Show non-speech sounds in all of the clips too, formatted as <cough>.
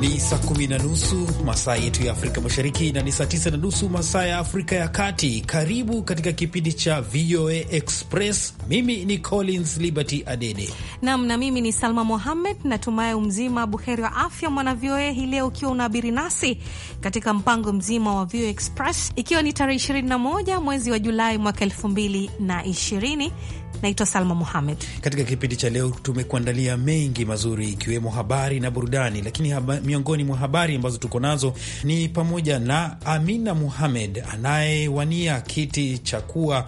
Ni saa kumi na nusu masaa yetu ya Afrika Mashariki na ni saa tisa na nusu masaa ya Afrika ya Kati. Karibu katika kipindi cha VOA Express. Mimi ni Collins Liberty Adede nam, na mimi ni Salma Mohammed. Natumai umzima buheri wa afya, mwana VOA hii leo, ukiwa unaabiri nasi katika mpango mzima wa VOA Express, ikiwa ni tarehe 21 mwezi wa Julai mwaka 220 Naitwa Salma Muhamed. Katika kipindi cha leo tumekuandalia mengi mazuri, ikiwemo habari na burudani, lakini haba, miongoni mwa habari ambazo tuko nazo ni pamoja na Amina Muhamed anayewania kiti cha kuwa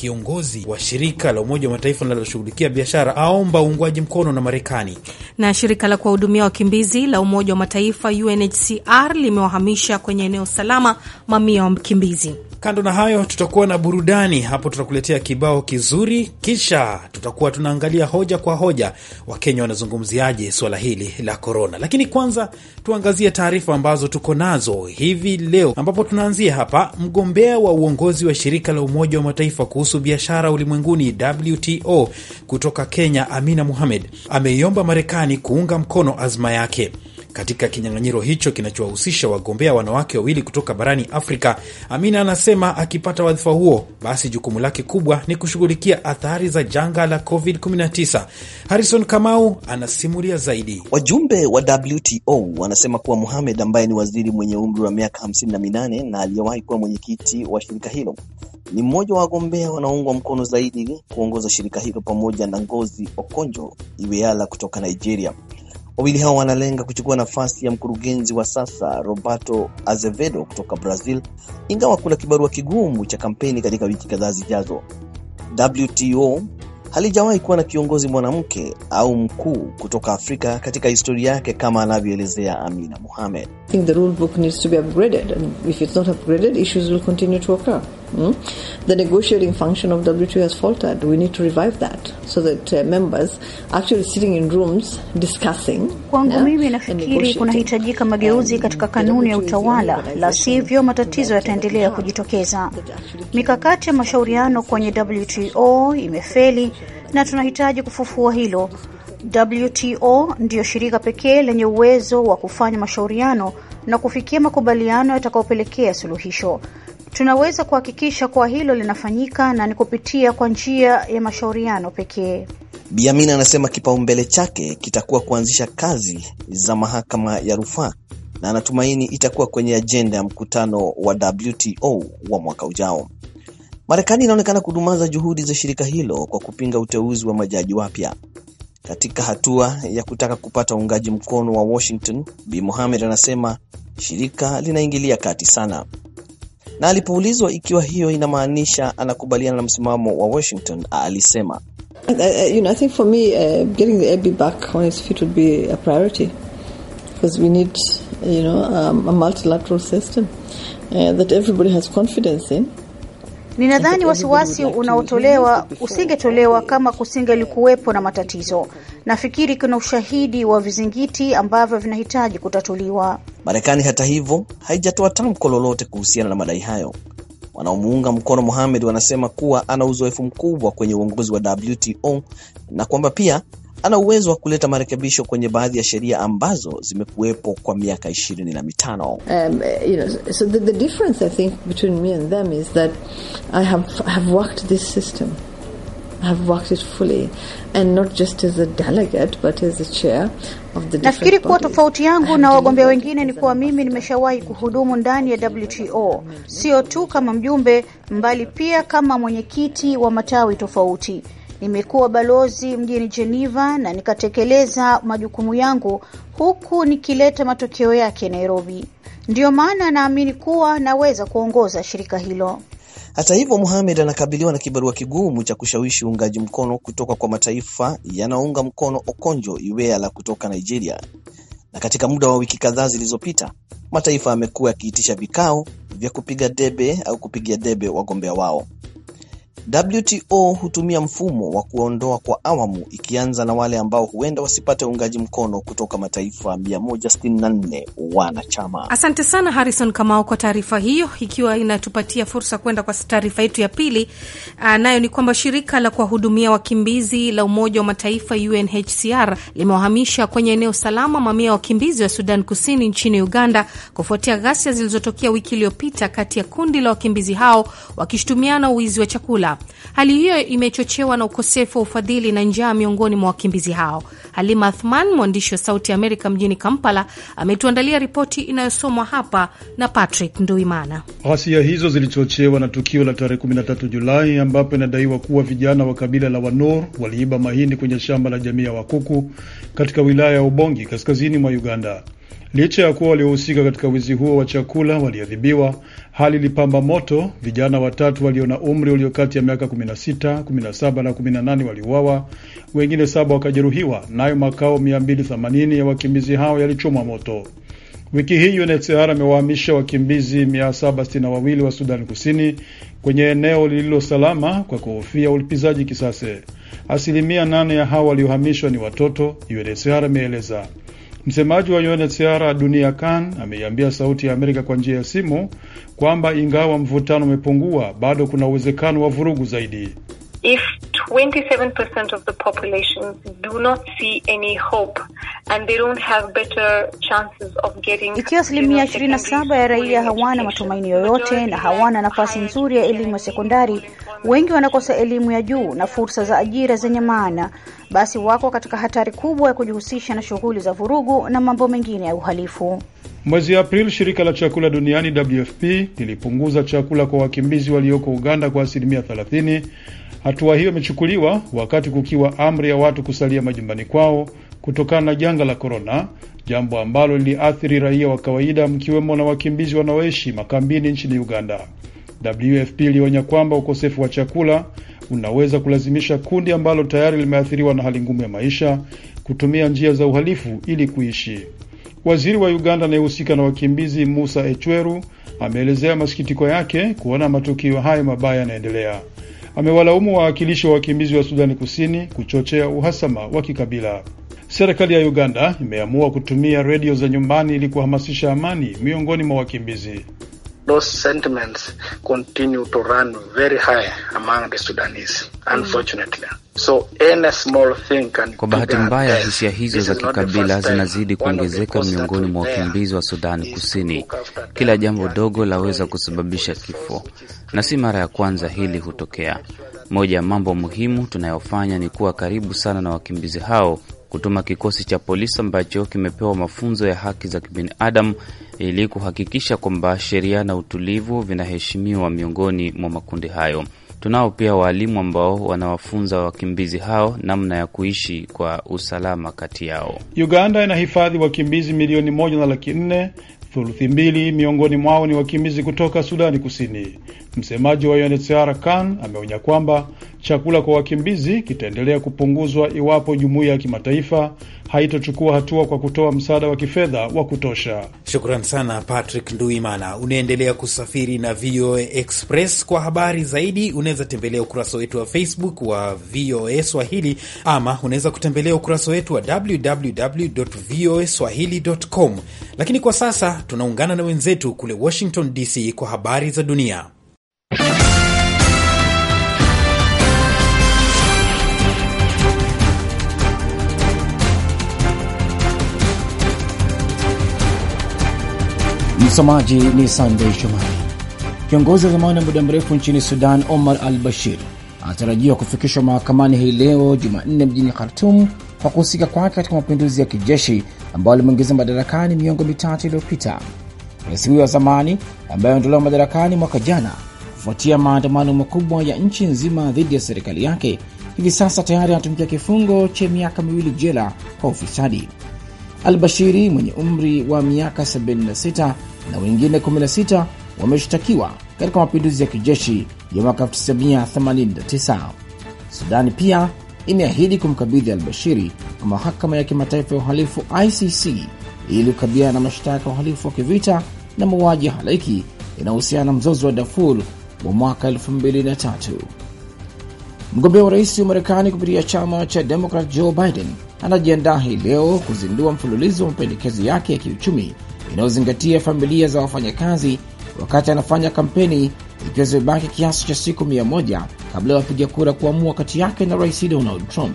kiongozi wa shirika la Umoja wa Mataifa linaloshughulikia biashara aomba uungwaji mkono na Marekani. Na shirika la kuwahudumia wakimbizi la Umoja wa Mataifa UNHCR limewahamisha kwenye eneo salama mamia wa mkimbizi. Kando na hayo, tutakuwa na burudani hapo, tutakuletea kibao kizuri, kisha tutakuwa tunaangalia hoja kwa hoja, Wakenya wanazungumziaje suala hili la korona. Lakini kwanza tuangazie taarifa ambazo tuko nazo hivi leo, ambapo tunaanzia hapa. Mgombea wa uongozi wa shirika la Umoja wa Mataifa kuhusu kuhusu biashara ulimwenguni WTO kutoka Kenya, Amina Mohamed ameiomba Marekani kuunga mkono azma yake katika kinyang'anyiro hicho kinachowahusisha wagombea wanawake wawili kutoka barani Afrika. Amina anasema akipata wadhifa huo, basi jukumu lake kubwa ni kushughulikia athari za janga la COVID-19. Harrison Kamau anasimulia zaidi. Wajumbe wa WTO wanasema kuwa muhamed ambaye ni waziri mwenye umri wa miaka 58 na aliyewahi kuwa mwenyekiti wa shirika hilo ni mmoja wa wagombea wanaoungwa mkono zaidi kuongoza shirika hilo pamoja na Ngozi Okonjo Iweala kutoka Nigeria. Wawili hao wanalenga kuchukua nafasi ya mkurugenzi wa sasa Roberto Azevedo kutoka Brazil, ingawa kuna kibarua kigumu cha kampeni katika wiki kadhaa zijazo. WTO halijawahi kuwa na kiongozi mwanamke au mkuu kutoka Afrika katika historia yake, kama anavyoelezea Amina Mohamed. Mm? The negotiating function of WTO has faltered. We need to revive that so that uh, members actually sitting in rooms discussing. Kwangu mimi nafikiri kunahitajika mageuzi katika kanuni ya utawala, la sivyo matatizo yataendelea kujitokeza. Mikakati ya mashauriano kwenye WTO imefeli na tunahitaji kufufua hilo. WTO ndiyo shirika pekee lenye uwezo wa kufanya mashauriano na kufikia makubaliano yatakayopelekea suluhisho. Tunaweza kuhakikisha kuwa hilo linafanyika na ni kupitia kwa njia ya mashauriano pekee. biamin anasema kipaumbele chake kitakuwa kuanzisha kazi za mahakama ya rufaa na anatumaini itakuwa kwenye ajenda ya mkutano wa WTO wa mwaka ujao. Marekani inaonekana kudumaza juhudi za shirika hilo kwa kupinga uteuzi wa majaji wapya. Katika hatua ya kutaka kupata uungaji mkono wa Washington, Bi Mohamed anasema shirika linaingilia kati sana na alipoulizwa ikiwa hiyo inamaanisha anakubaliana na msimamo wa Washington, alisema Ninadhani wasiwasi unaotolewa usingetolewa kama kusingelikuwepo na matatizo. Nafikiri kuna ushahidi wa vizingiti ambavyo vinahitaji kutatuliwa. Marekani hata hivyo haijatoa tamko lolote kuhusiana na madai hayo. Wanaomuunga mkono Mohamed wanasema kuwa ana uzoefu mkubwa kwenye uongozi wa WTO na kwamba pia ana uwezo wa kuleta marekebisho kwenye baadhi ya sheria ambazo zimekuwepo kwa miaka ishirini na mitano. Um, have worked it fully and not just as a delegate but as a chair of the Nafikiri kuwa tofauti yangu na wagombea wengine ni kuwa mimi nimeshawahi kuhudumu ndani ya WTO, sio tu kama mjumbe, mbali pia kama mwenyekiti wa matawi tofauti. Nimekuwa balozi mjini Geneva na nikatekeleza majukumu yangu huku nikileta matokeo yake Nairobi. Ndiyo maana naamini kuwa naweza kuongoza shirika hilo. Hata hivyo, muhamed anakabiliwa na kibarua kigumu cha kushawishi uungaji mkono kutoka kwa mataifa yanaounga mkono Okonjo Iweala kutoka Nigeria, na katika muda wa wiki kadhaa zilizopita mataifa yamekuwa yakiitisha vikao vya kupiga debe au kupigia debe wagombea wao. WTO hutumia mfumo wa kuondoa kwa awamu ikianza na wale ambao huenda wasipate uungaji mkono kutoka mataifa 164 wanachama. Asante sana Harrison Kamau kwa taarifa hiyo, ikiwa inatupatia fursa kwenda kwa taarifa yetu ya pili, ah, nayo ni kwamba shirika la kuwahudumia wakimbizi la Umoja wa Mataifa UNHCR limewahamisha kwenye eneo salama mamia ya wakimbizi wa Sudan Kusini nchini Uganda kufuatia ghasia zilizotokea wiki iliyopita kati ya kundi la wakimbizi hao wakishutumiana uwizi wa chakula chakula. Hali hiyo imechochewa na ukosefu wa ufadhili na njaa miongoni mwa wakimbizi hao. Halima Athman, mwandishi wa Sauti ya Amerika mjini Kampala, ametuandalia ripoti inayosomwa hapa na Patrick Nduimana. Ghasia hizo zilichochewa na tukio la tarehe 13 Julai ambapo inadaiwa kuwa vijana wa kabila la Wanor waliiba mahindi kwenye shamba la jamii ya Wakuku katika wilaya ya Ubongi kaskazini mwa Uganda. Licha ya kuwa waliohusika katika wizi huo wa chakula waliadhibiwa, hali ilipamba moto. Vijana watatu walio na umri ulio kati ya miaka 16, 17 na 18 waliuawa, wengine saba wakajeruhiwa, nayo makao 280 ya wakimbizi hao yalichomwa moto. Wiki hii UNHCR amewahamisha wakimbizi 762 wa Sudani Kusini kwenye eneo lililo salama kwa kuhofia ulipizaji kisasi. Asilimia 8 ya hao waliohamishwa ni watoto, UNHCR ameeleza. Msemaji wa UNHCR Dunia Khan ameiambia Sauti ya Amerika kwa njia ya simu kwamba ingawa mvutano umepungua, bado kuna uwezekano wa vurugu zaidi. If 27% of the population do not see any hope and they don't have better chances of getting. Ikiwa asilimia 27 ya raia hawana matumaini yoyote na hawana nafasi nzuri ya elimu ya sekondari, wengi wanakosa elimu ya juu na fursa za ajira zenye maana, basi wako katika hatari kubwa ya kujihusisha na shughuli za vurugu na mambo mengine ya uhalifu. Mwezi Aprili, shirika la chakula duniani WFP lilipunguza chakula kwa wakimbizi walioko Uganda kwa asilimia 30. Hatua hiyo imechukuliwa wakati kukiwa amri ya watu kusalia majumbani kwao kutokana na janga la korona, jambo ambalo liliathiri raia wa kawaida, mkiwemo na wakimbizi wanaoishi makambini nchini Uganda. WFP ilionya kwamba ukosefu wa chakula unaweza kulazimisha kundi ambalo tayari limeathiriwa na hali ngumu ya maisha kutumia njia za uhalifu ili kuishi. Waziri wa Uganda anayehusika na wakimbizi Musa Echweru ameelezea masikitiko yake kuona matukio hayo mabaya yanaendelea. Amewalaumu wawakilishi wa wakimbizi wa Sudani Kusini kuchochea uhasama wa kikabila. Serikali ya Uganda imeamua kutumia redio za nyumbani ili kuhamasisha amani miongoni mwa wakimbizi those sentiments continue to run very high among the Sudanese, mm. unfortunately. So any small thing can. Kwa bahati mbaya, hisia hizo za kikabila zinazidi kuongezeka miongoni mwa wakimbizi wa Sudani Kusini. Kila jambo dogo laweza kusababisha kifo, na si mara ya kwanza hili hutokea. Moja ya mambo muhimu tunayofanya ni kuwa karibu sana na wakimbizi hao kutuma kikosi cha polisi ambacho kimepewa mafunzo ya haki za kibinadamu ili kuhakikisha kwamba sheria na utulivu vinaheshimiwa miongoni mwa makundi hayo. Tunao pia waalimu ambao wanawafunza wakimbizi hao namna ya kuishi kwa usalama kati yao. Uganda inahifadhi wakimbizi milioni moja na laki nne, thuluthi mbili miongoni mwao ni wakimbizi kutoka Sudani Kusini. Msemaji wa UNHCR Khan ameonya kwamba Chakula kwa wakimbizi kitaendelea kupunguzwa iwapo jumuiya ya kimataifa haitochukua hatua kwa kutoa msaada wa kifedha wa kutosha. Shukran sana Patrick Nduimana. Unaendelea kusafiri na VOA Express. Kwa habari zaidi, unaweza tembelea ukurasa wetu wa Facebook wa VOA Swahili ama unaweza kutembelea ukurasa wetu wa www voa swahili.com. Lakini kwa sasa tunaungana na wenzetu kule Washington DC kwa habari za dunia. Msomaji ni Sandey Shomari. Kiongozi wa zamani wa muda mrefu nchini Sudan, Omar al Bashir, anatarajiwa kufikishwa mahakamani hii leo Jumanne mjini Khartum kwa kuhusika kwake katika mapinduzi ya kijeshi ambayo alimwingiza madarakani miongo mitatu iliyopita. Rais huyo wa zamani ambaye aondolewa madarakani mwaka jana kufuatia maandamano makubwa ya nchi nzima dhidi ya serikali yake, hivi sasa tayari anatumikia kifungo cha miaka miwili jela kwa ufisadi. Albashiri mwenye umri wa miaka 76 na wengine 16 wameshtakiwa katika mapinduzi ya kijeshi ya mwaka 1989. Sudani pia imeahidi kumkabidhi Albashiri kwa mahakama ya kimataifa ya uhalifu ICC ili kukabiliana na mashtaka ya uhalifu wa kivita na mauaji ya halaiki yanayohusiana na mzozo wa Darfur wa mwaka 2003. Mgombea wa rais wa Marekani kupitia chama cha Demokrat Joe Biden anajiandaa hii leo kuzindua mfululizo wa mapendekezo yake ya kiuchumi inayozingatia familia za wafanyakazi wakati anafanya kampeni, ikiwa zimebaki kiasi cha siku mia moja kabla ya wapiga kura kuamua kati yake na Rais Donald Trump.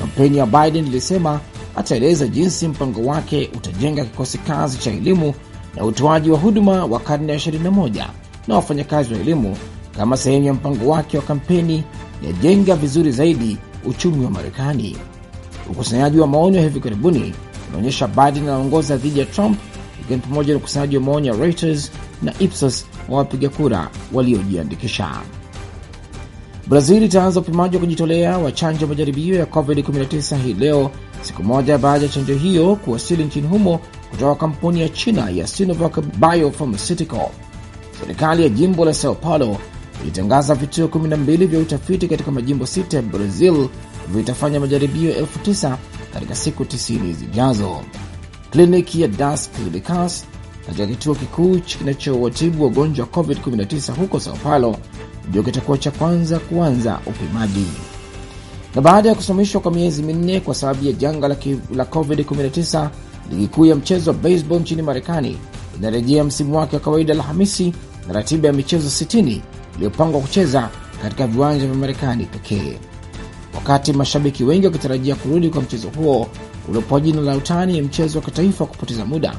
Kampeni ya Biden ilisema ataeleza jinsi mpango wake utajenga kikosi kazi cha elimu na utoaji wa huduma wa karne ya 21 na wafanyakazi wa elimu kama sehemu ya mpango wake wa kampeni ya jenga vizuri zaidi uchumi wa Marekani. Ukusanyaji wa maoni wa hivi karibuni unaonyesha Biden anaongoza dhidi ya Trump ikiwa ni pamoja na ukusanyaji wa maoni ya Reuters na Ipsos wa wapiga kura waliojiandikisha. Brazil itaanza upimaji wa kujitolea wa chanjo ya majaribio ya COVID-19 hii leo, siku moja baada ya chanjo hiyo kuwasili nchini humo kutoka kampuni ya China ya Sinovac Biopharmaceutical. Serikali ya jimbo la Sao Paulo ilitangaza vituo 12 vya utafiti katika majimbo sita ya Brazil vitafanya majaribio elfu tisa katika siku 90 zijazo kliniki ya Das Clinicas katika kituo kikuu kinachowatibu wagonjwa wa COVID-19 huko Sao Paulo ndio kitakuwa cha kwanza kuanza upimaji. Na baada ya kusimamishwa kwa miezi minne kwa sababu ya janga la COVID-19, ligi kuu ya mchezo wa baseball nchini Marekani inarejea msimu wake wa kawaida Alhamisi na ratiba ya michezo 60 iliyopangwa kucheza katika viwanja vya Marekani pekee, wakati mashabiki wengi wakitarajia kurudi kwa mchezo huo uliopewa jina la utani ya mchezo wa kitaifa kupoteza muda,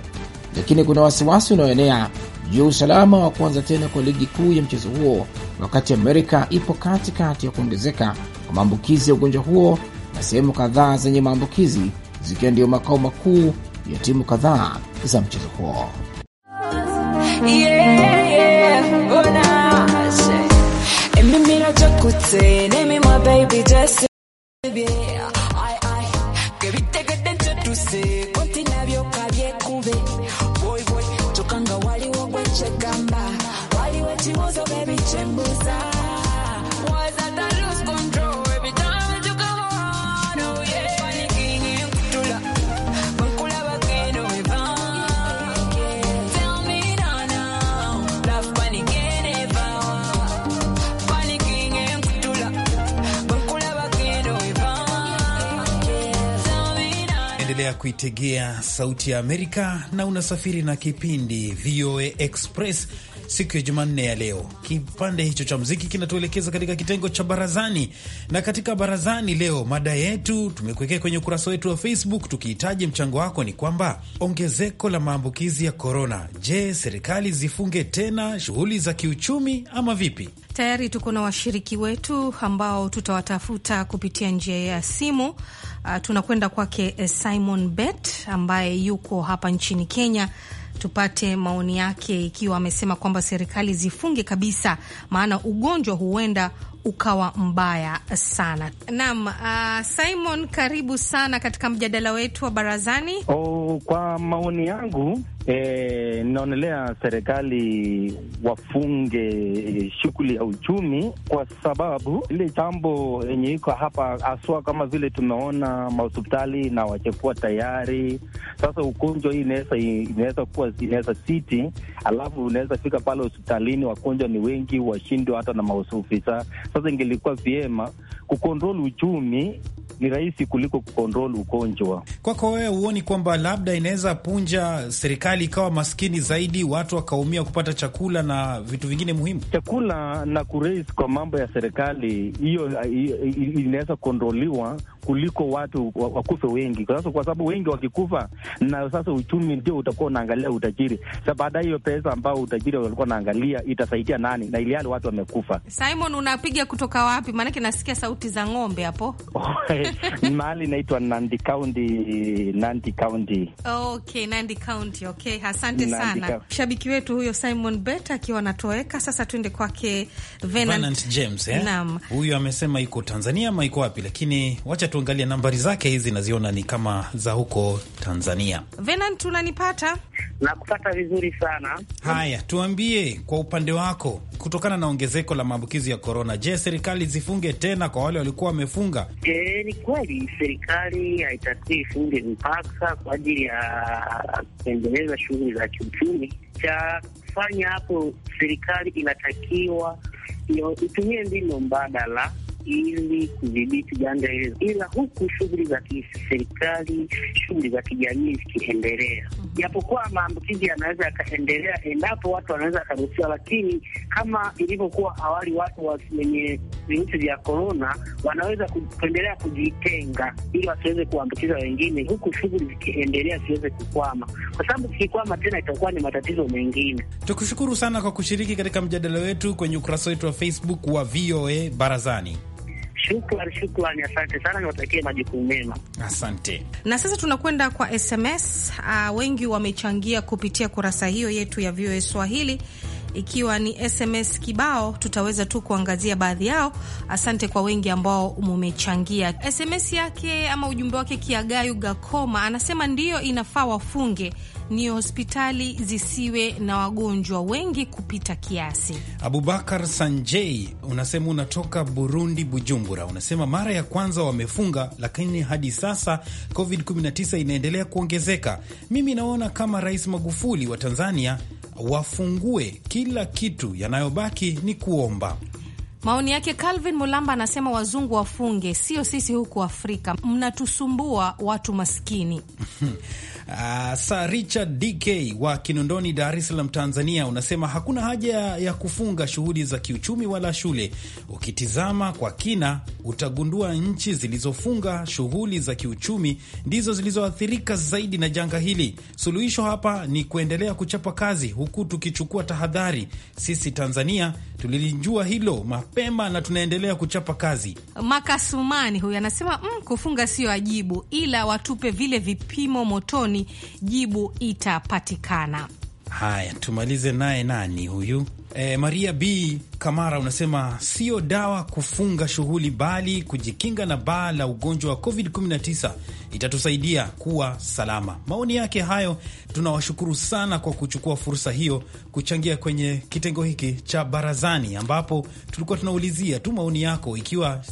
lakini kuna wasiwasi unaoenea juu ya usalama wa kuanza tena kwa ligi kuu ya mchezo huo wakati Amerika ipo katikati kati ya kuongezeka kwa maambukizi ya ugonjwa huo na sehemu kadhaa zenye maambukizi zikiwa ndiyo makao makuu ya timu kadhaa za mchezo huo. Yeah, yeah, kuitegea Sauti ya Amerika na unasafiri na kipindi VOA Express siku ya Jumanne ya leo. Kipande hicho cha mziki kinatuelekeza katika kitengo cha barazani, na katika barazani leo mada yetu tumekuwekea kwenye ukurasa wetu wa Facebook, tukihitaji mchango wako, ni kwamba ongezeko la maambukizi ya korona, je, serikali zifunge tena shughuli za kiuchumi ama vipi? Tayari tuko na washiriki wetu ambao tutawatafuta kupitia njia ya simu. Uh, tunakwenda kwake eh, Simon Bet ambaye yuko hapa nchini Kenya tupate maoni yake, ikiwa amesema kwamba serikali zifunge kabisa, maana ugonjwa huenda ukawa mbaya sana. Naam, uh, Simon, karibu sana katika mjadala wetu wa barazani. Oh kwa maoni yangu e, serikali wafunge shughuli ya uchumi, kwa sababu ile jambo yenye iko hapa haswa, kama vile tumeona mahospitali na wachakuwa tayari. Sasa ugonjwa hii inaweza kuwa inaweza siti, alafu unaweza fika pale hospitalini, wagonjwa ni wengi, washindwa hata na maofisa. Sasa ingelikuwa vyema kukontrol uchumi ni rahisi kuliko kukontrol ugonjwa. Kwako wewe, huoni kwamba labda inaweza punja serikali ikawa maskini zaidi, watu wakaumia kupata chakula na vitu vingine muhimu, chakula na kurais kwa mambo ya serikali, hiyo inaweza kuondoliwa kuliko watu wakufe wengi, kwa sababu wengi wakikufa, na sasa uchumi ndio utakuwa unaangalia utajiri. Sasa baadaye hiyo pesa ambayo utajiri walikuwa naangalia itasaidia nani, na ili hali watu wamekufa. Simon, unapiga kutoka wapi? Maanake nasikia sauti za ng'ombe hapo. <laughs> Mahali inaitwa Nandi County, Nandi County. Okay, Nandi County. Okay, asante sana shabiki wetu huyo Simon Bet akiwa anatoweka. Sasa tuende kwake Venant James. Eh? Naam, huyu amesema iko Tanzania ama iko wapi, lakini wacha tuangalie nambari zake hizi, naziona ni kama za huko Tanzania. Venant, unanipata? Nakupata vizuri sana. Haya, tuambie kwa upande wako, kutokana na ongezeko la maambukizi ya korona, je, serikali zifunge tena kwa wale walikuwa wamefunga? E, ni kweli serikali haitakii ifunge mpaka kwa ajili ya kuendeleza shughuli za kiuchumi. Cha kufanya hapo, serikali inatakiwa itumie mbinu mbadala ili kudhibiti janga hilo, ila huku shughuli za kiserikali, shughuli za kijamii zikiendelea, mhm. japokuwa maambukizi yanaweza yakaendelea endapo watu wanaweza wakaruhusiwa, lakini kama ilivyokuwa awali, watu wenye virusi vya korona wanaweza kuendelea kujitenga ili wasiweze kuambukiza wengine, huku shughuli zikiendelea siweze kukwama, kwa sababu zikikwama tena itakuwa ni matatizo mengine. Tukushukuru sana kwa kushiriki katika mjadala wetu kwenye ukurasa wetu wa Facebook wa VOA Barazani. Shukran, shukran, asante sana, niwatakie majukumu mema, asante. Na sasa tunakwenda kwa SMS. Uh, ah, wengi wamechangia kupitia kurasa hiyo yetu ya VOA Swahili ikiwa ni SMS kibao, tutaweza tu kuangazia baadhi yao. Asante kwa wengi ambao mumechangia. SMS yake ama ujumbe wake, Kiagayu Gakoma anasema ndiyo inafaa wafunge ni hospitali zisiwe na wagonjwa wengi kupita kiasi. Abubakar Sanjei unasema unatoka Burundi, Bujumbura, unasema mara ya kwanza wamefunga, lakini hadi sasa COVID-19 inaendelea kuongezeka. Mimi naona kama Rais Magufuli wa Tanzania wafungue kila kitu, yanayobaki ni kuomba. Maoni yake Calvin Mulamba anasema wazungu wafunge, sio sisi huku Afrika, mnatusumbua watu maskini. <laughs> Uh, Sir Richard DK wa Kinondoni, Dar es Salaam, Tanzania, unasema hakuna haja ya kufunga shughuli za kiuchumi wala shule. Ukitizama kwa kina, utagundua nchi zilizofunga shughuli za kiuchumi ndizo zilizoathirika zaidi na janga hili. Suluhisho hapa ni kuendelea kuchapa kazi, huku tukichukua tahadhari. Sisi Tanzania tulilijua hilo mapema na tunaendelea kuchapa kazi. Makasumani huyu anasema mm, kufunga sio ajibu, ila watupe vile vipimo motoni jibu itapatikana. Haya, tumalize naye nani huyu Eh, Maria B Kamara unasema sio dawa kufunga shughuli, bali kujikinga na baa la ugonjwa wa COVID-19 itatusaidia kuwa salama. Maoni yake hayo, tunawashukuru sana kwa kuchukua fursa hiyo kuchangia kwenye kitengo hiki cha barazani, ambapo tulikuwa tunaulizia tu maoni yako, ikiwa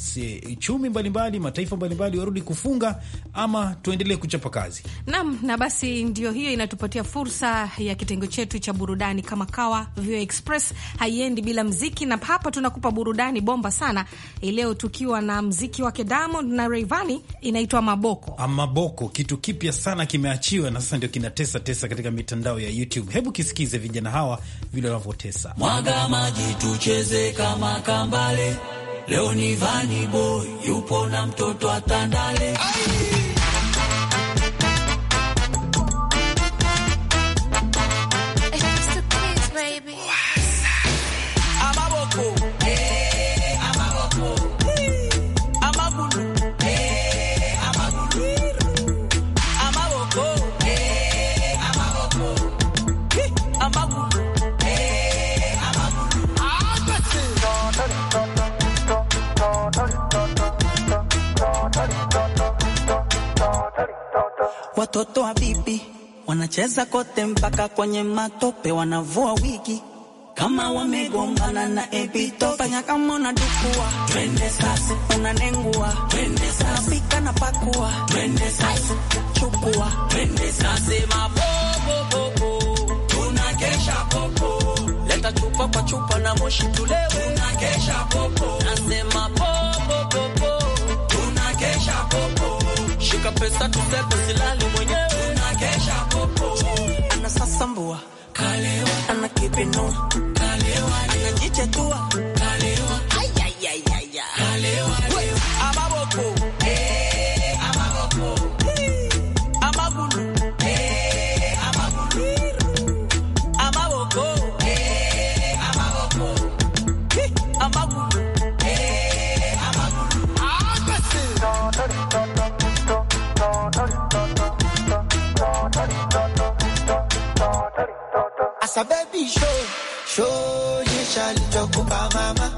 chumi mbalimbali mataifa mbalimbali warudi kufunga ama tuendelee kuchapa kazi. Naam, na basi ndio hiyo inatupatia fursa ya kitengo chetu cha burudani kama kawa Vio Express haiendi bila mziki, na hapa tunakupa burudani bomba sana leo, tukiwa na mziki wake Diamond na Rayvanny, inaitwa Maboko. Ah, Maboko kitu kipya sana kimeachiwa, na sasa ndio kinatesa tesa katika mitandao ya YouTube. Hebu kisikize vijana hawa vile wanavyotesa. Mwaga maji tucheze kama kambale, leo ni Vani Boy yupo na mtoto atandale Ay! Wanacheza kote mpaka kwenye matope, wanavua wiki kama wamegombana na epito fanya kama na dukua twende sasa, unanengua twende sasa, pika na pakua twende sasa, chukua twende sasa, mabobo bobo tunakesha popo, leta chupa kwa chupa na moshi tulewe, tunakesha popo, nasema bobo bobo tunakesha popo, shika pesa tusepe silali anasambua, anajichetua show show, je shall talk about mama.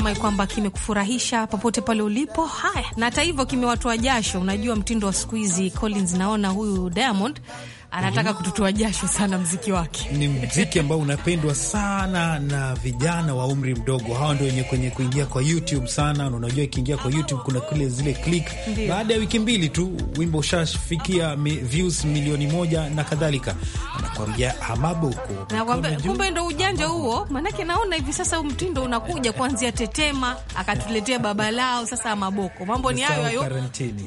natumai kwamba kimekufurahisha popote pale ulipo. Haya, na hata hivyo kimewatoa jasho. Unajua mtindo wa siku hizi, Collins, naona huyu Diamond anataka kututoa jasho sana. Mziki wake ni mziki ambao unapendwa sana na vijana wa umri mdogo. Hawa ndio wenye kwenye kuingia kwa YouTube sana, na unajua ikiingia kwa YouTube kuna kile zile click. Baada ya wiki mbili tu wimbo ushafikia views milioni moja na kadhalika. Anakwambia amaboko kumbe ndo ujanja huo. Maanake naona hivi sasa mtindo unakuja kuanzia Tetema, akatuletea baba lao sasa amaboko Mambo ni hayo hayo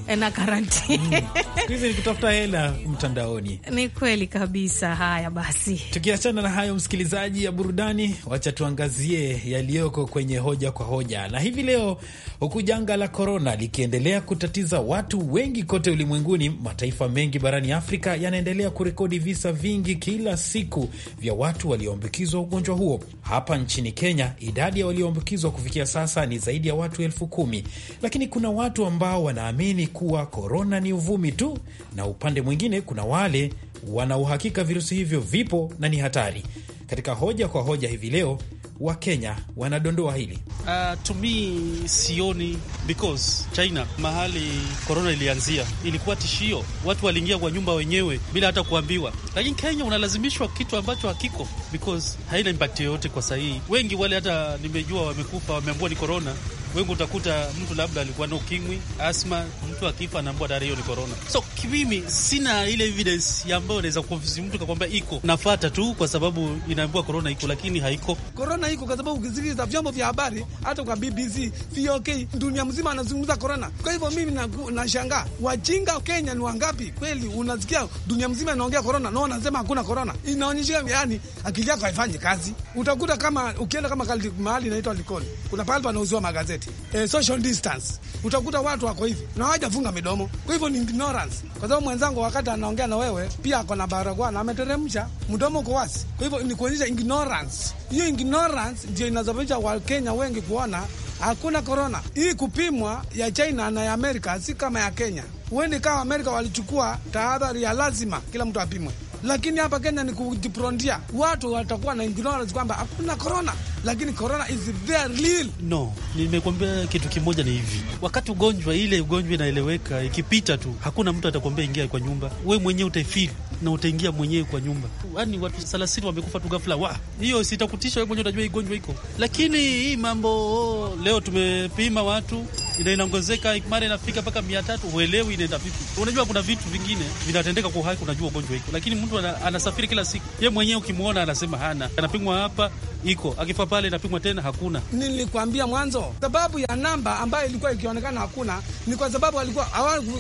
eh, na karantini. Mm. Siku nikutafuta hela mtandaoni <laughs> Ni kweli kabisa. Haya basi, tukiachana na hayo, msikilizaji ya burudani, wacha tuangazie yaliyoko kwenye hoja kwa hoja. Na hivi leo, huku janga la korona likiendelea kutatiza watu wengi kote ulimwenguni, mataifa mengi barani Afrika yanaendelea kurekodi visa vingi kila siku vya watu walioambukizwa ugonjwa huo. Hapa nchini Kenya, idadi ya walioambukizwa kufikia sasa ni zaidi ya watu elfu kumi, lakini kuna watu ambao wanaamini kuwa korona ni uvumi tu, na upande mwingine kuna wale wana uhakika virusi hivyo vipo na ni hatari. Katika hoja kwa hoja hivi leo Wakenya wanadondoa hili. Uh, to me sioni because China mahali korona ilianzia ilikuwa tishio, watu waliingia kwa nyumba wenyewe bila hata kuambiwa, lakini Kenya unalazimishwa kitu ambacho hakiko because haina impact yoyote kwa sahihi. Wengi wale hata nimejua wamekufa wameambua ni korona Wengi utakuta mtu labda alikuwa na ukimwi, asma, mtu akifa anaambiwa tarehe hiyo ni korona. So kimimi sina ile evidence ambayo naweza kuofisi mtu kakwambia iko, nafata tu kwa sababu inaambiwa korona iko, lakini haiko. Korona iko kwa sababu ukisikiliza vyombo vya habari, hata kwa BBC, VOK, dunia mzima anazungumza korona. Kwa hivyo mimi nashangaa wajinga Kenya ni wangapi kweli? Unasikia dunia mzima inaongea korona, nao wanasema hakuna korona. Inaonyesha yani akili yako haifanyi kazi. Utakuta kama ukienda kama mahali inaitwa Likoni, kuna pahali panauziwa magazeti security, eh, social distance. Utakuta watu wako hivi na hawajafunga midomo, kwa hivyo ni ignorance, kwa sababu mwenzangu wakati anaongea na wewe pia ako na barakoa na ameteremsha mdomo uko wazi, kwa hivyo ni kuonyesha ignorance. Hiyo ignorance ndio inasababisha Wakenya wengi kuona hakuna korona. Hii kupimwa ya China na ya Amerika si kama ya Kenya. Huendi kama Amerika walichukua tahadhari ya lazima kila mtu apimwe lakini hapa Kenya ni kujiprondia. Watu watakuwa na ignorance kwamba hakuna korona lakini korona is very real. No, nimekuambia kitu kimoja ni hivi, wakati ugonjwa ile ugonjwa inaeleweka ikipita tu, hakuna mtu atakwambia ingia kwa nyumba, we mwenyewe utaifeel na utaingia mwenyewe kwa nyumba. Yaani watu salasini wamekufa tu ghafla, wa hiyo sitakutisha wewe mwenyewe, utajua hii gonjwa iko. Lakini hii mambo oh, leo tumepima watu inaongezeka, mara inafika mpaka mia tatu. Huelewi inaenda vipi. Unajua kuna vitu vingine vinatendeka kwa uhai, unajua ugonjwa iko, lakini mtu anasafiri kila siku, ye mwenyewe ukimwona anasema hana, anapimwa hapa iko, akifa pale inapimwa tena hakuna. Nilikwambia mwanzo sababu ya namba ambayo ilikuwa ikionekana hakuna ni kwa sababu walikuwa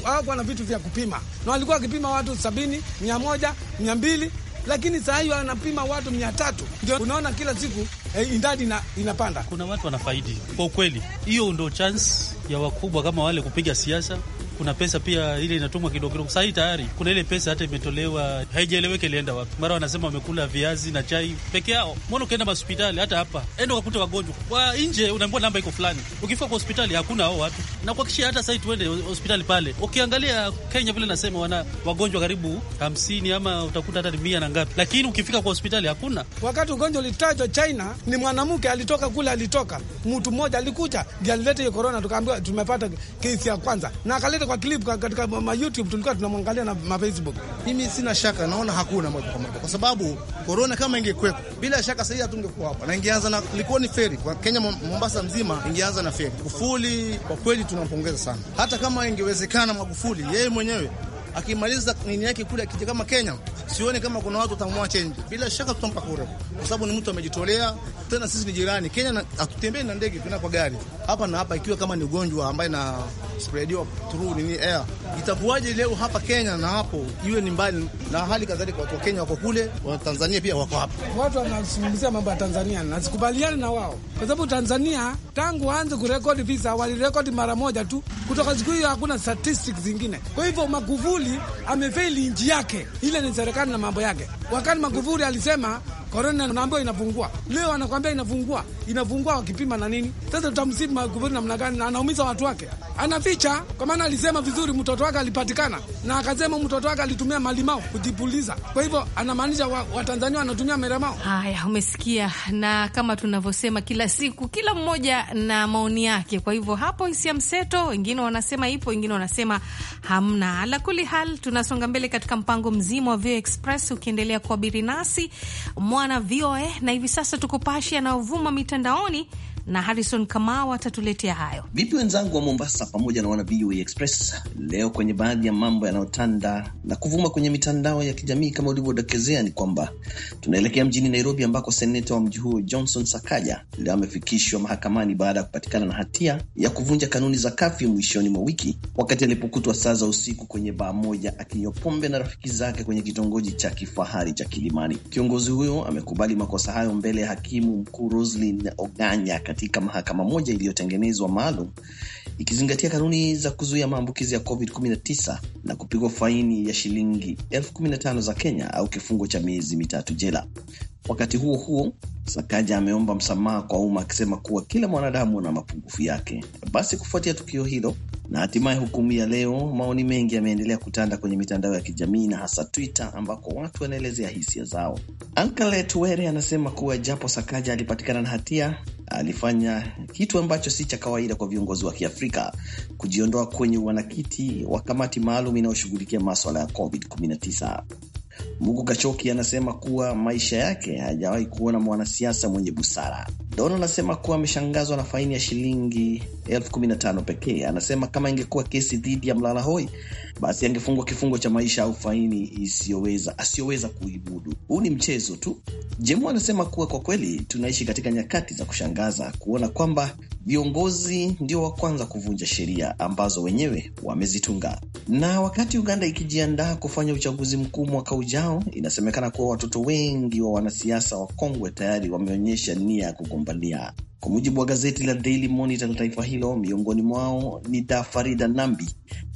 hawakuwa na vitu vya kupima, na walikuwa wakipima watu sabini, mia moja, mia mbili lakini saa hiyo anapima watu mia tatu. Ndio unaona kila siku eh, idadi inapanda. Kuna watu wanafaidi kwa ukweli, hiyo ndo chance ya wakubwa kama wale kupiga siasa kuna pesa pia ile inatumwa kidogo kidogo. Sahii tayari kuna ile pesa hata imetolewa, haijaeleweka ilienda wapi. Mara wanasema wamekula viazi na chai peke yao. Mbona ukienda mahospitali hata hapa, enda ukakuta wagonjwa kwa nje, unaambiwa namba iko fulani, ukifika kwa hospitali hakuna hao watu. Na kwa hata sahii tuende hospitali pale, ukiangalia Kenya vile nasema, wana wagonjwa karibu hamsini ama utakuta hata mia na ngapi, lakini ukifika kwa hospitali hakuna. Wakati ugonjwa ulitajwa China, ni mwanamke alitoka kule, alitoka mtu mmoja alikuja ndiye alilete hiyo korona, tukaambiwa tumepata kesi ya kwanza na akaleta hata kwa clip katika ma YouTube tulikuwa tunamwangalia na ma Facebook. Mimi sina shaka, naona hakuna moja kwa moja, kwa sababu corona kama ingekuwepo, bila shaka sasa hatungekuwa hapa, na ingeanza na ilikuwa ni feri kwa Kenya Mombasa mzima, ingeanza na feri. Magufuli kwa kweli tunampongeza sana, hata kama ingewezekana Magufuli yeye mwenyewe akimaliza nini yake kule akija kama Kenya sioni kama kuna watu watamwacha nje. Bila shaka tutampa kura, kwa sababu ni mtu amejitolea. Tena sisi ni jirani. Kenya hatutembei na ndege, tuna kwa gari hapa na hapa. Ikiwa kama ni ugonjwa ambaye na spreadiwa through nini air, itakuwaje leo hapa Kenya na hapo iwe ni mbali? Na hali kadhalika watu wa Kenya wako kule, wa Tanzania pia wako hapa. Watu wanazungumzia mambo ya Tanzania na sikubaliani na wao, kwa sababu Tanzania tangu waanze kurekodi visa walirekodi mara moja tu. Kutoka siku hiyo hakuna statistics zingine. Kwa hivyo Magufuli amefeli nchi yake, ile ni serikali haonekani na mambo yake. Wakati Magufuli alisema korona naambiwa inavungua leo, anakwambia inavungua, inavungua wakipima na nini. Sasa tutamsima guveri namna gani? Na anaumiza watu wake, anaficha. Kwa maana alisema vizuri, mtoto wake alipatikana na akasema mtoto wake alitumia malimao kujipuliza. Kwa hivyo anamaanisha Watanzania wa wanatumia meramao. Haya, umesikia, na kama tunavyosema kila siku, kila mmoja na maoni yake. Kwa hivyo hapo hisia mseto, wengine wanasema ipo, wengine wanasema hamna. Ala kuli hal, tunasonga mbele katika mpango mzima wa Vio Express, ukiendelea kuabiri nasi mwa na VOA na hivi sasa tukupashe yanayovuma mitandaoni na Harrison Kamau atatuletea hayo. Vipi wenzangu wa Mombasa pamoja na wana VOA Express, leo kwenye baadhi ya mambo yanayotanda na kuvuma kwenye mitandao ya kijamii kama ulivyodokezea, ni kwamba tunaelekea mjini Nairobi ambako seneta wa mji huo Johnson Sakaja leo amefikishwa mahakamani baada ya kupatikana na hatia ya kuvunja kanuni za kafyu mwishoni mwa wiki, wakati alipokutwa saa za usiku kwenye baa moja akinywa pombe na rafiki zake kwenye kitongoji cha kifahari cha Kilimani. Kiongozi huyo amekubali makosa hayo mbele ya hakimu mkuu Roslyn Oganya katika mahakama moja iliyotengenezwa maalum ikizingatia kanuni za kuzuia maambukizi ya COVID-19 na kupigwa faini ya shilingi elfu za Kenya au kifungo cha miezi mitatu jela. Wakati huo huo, Sakaja ameomba msamaha kwa umma akisema kuwa kila mwanadamu ana mapungufu yake. Basi kufuatia tukio hilo na hatimaye hukumu ya leo, maoni mengi yameendelea kutanda kwenye mitandao ya kijamii na hasa Twitter ambako watu wanaelezea hisia zao. Ankalet Were anasema kuwa japo Sakaja alipatikana na hatia, alifanya kitu ambacho si cha kawaida kwa viongozi wa Kiafrika, kujiondoa kwenye wanakiti wa kamati maalum inayoshughulikia maswala ya COVID-19. Mugu Kachoki anasema kuwa maisha yake hajawahi kuona mwanasiasa mwenye busara. Dono anasema kuwa ameshangazwa na faini ya shilingi elfu kumi na tano pekee. Anasema kama ingekuwa kesi dhidi ya mlala hoi, basi angefungwa kifungo cha maisha au faini isiyoweza asiyoweza kuibudu. Huu ni mchezo tu. Jemu anasema kuwa kwa kweli tunaishi katika nyakati za kushangaza kuona kwamba viongozi ndio wa kwanza kuvunja sheria ambazo wenyewe wamezitunga. Na wakati Uganda ikijiandaa kufanya uchaguzi mkuu mwaka ujao yao, inasemekana kuwa watoto wengi wa wanasiasa wakongwe tayari wameonyesha nia ya kugombania. Kwa mujibu wa gazeti la Daily Monitor la taifa hilo, miongoni mwao ni Da Farida Nambi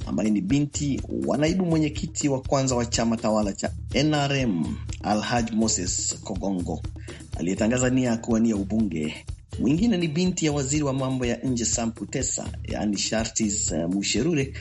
ambaye ni binti wa naibu mwenyekiti wa kwanza wa chama tawala cha NRM Alhaj Moses Kogongo aliyetangaza nia ya kuwania ubunge. Mwingine ni binti ya waziri wa mambo ya nje Sam Kutesa, yaani Shartis Musherure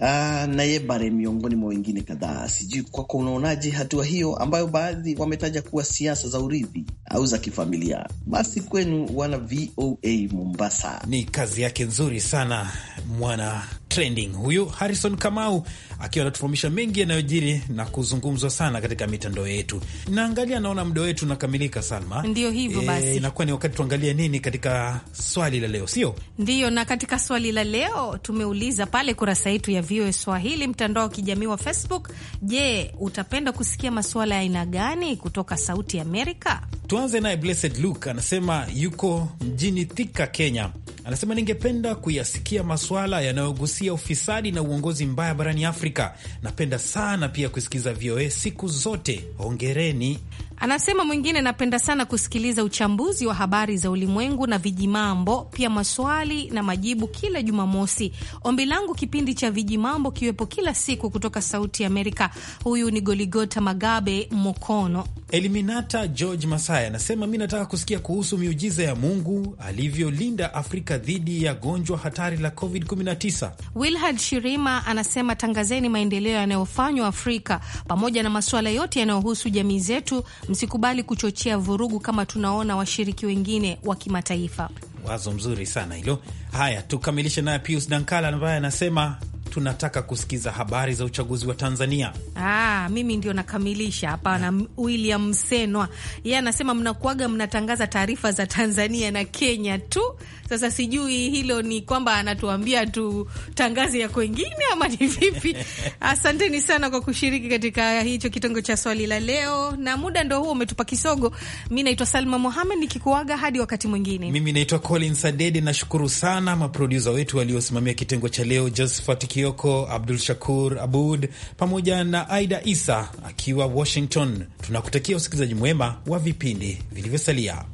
Aa, ah, na Bare miongoni mwa wengine kadhaa. Sijui kwako unaonaje hatua hiyo ambayo baadhi wametaja kuwa siasa za urithi au za kifamilia? Basi kwenu wana VOA Mombasa, ni kazi yake nzuri sana mwana trending. Huyu Harrison Kamau akiwa anatufahamisha mengi yanayojiri na kuzungumzwa sana katika mitandao yetu. Naangalia, naona muda wetu unakamilika, Salma. Ndio hivyo eh, basi, inakuwa e, ni wakati tuangalie nini katika swali la leo, sio ndio? Na katika swali la leo tumeuliza pale kurasa yetu ya VOA Swahili, mtandao wa kijamii wa Facebook. Je, utapenda kusikia masuala ya aina gani kutoka Sauti ya Amerika? Tuanze naye Blessed Luke, anasema yuko mjini Thika, Kenya. Anasema ningependa kuyasikia masuala yanayogusia ya ufisadi na uongozi mbaya barani Afrika. Napenda sana pia kusikiza VOA siku zote. Hongereni. Anasema mwingine, napenda sana kusikiliza uchambuzi wa habari za ulimwengu na vijimambo, pia maswali na majibu kila Jumamosi. Ombi langu kipindi cha vijimambo kiwepo kila siku kutoka Sauti Amerika. Huyu ni Goligota Magabe Mokono. Eliminata George Masaya anasema mi nataka kusikia kuhusu miujiza ya Mungu alivyolinda Afrika dhidi ya gonjwa hatari la COVID-19. Wilhad Shirima anasema tangazeni maendeleo yanayofanywa Afrika pamoja na masuala yote yanayohusu jamii zetu Msikubali kuchochea vurugu kama tunaona washiriki wengine wa kimataifa. Wazo mzuri sana hilo. Haya, tukamilishe naye Pius Dankala ambaye anasema tunataka kusikiza habari za uchaguzi wa Tanzania. Aa, ah, mimi ndio nakamilisha hapana. Yeah. William Msenwa yeye anasema mnakuaga mnatangaza taarifa za Tanzania na Kenya tu. Sasa sijui hilo ni kwamba anatuambia tu tangazi ya kwengine ama ni vipi? <laughs> Asanteni sana kwa kushiriki katika hicho kitengo cha swali la leo, na muda ndo huo umetupa kisogo. Mi naitwa Salma Mohamed nikikuaga hadi wakati mwingine. Mimi naitwa Colin Sadede, nashukuru sana maprodusa wetu waliosimamia kitengo cha leo, Josephat Kio Kioko, Abdul Shakur Abud pamoja na Aida Isa akiwa Washington. Tunakutakia usikilizaji mwema wa vipindi vilivyosalia.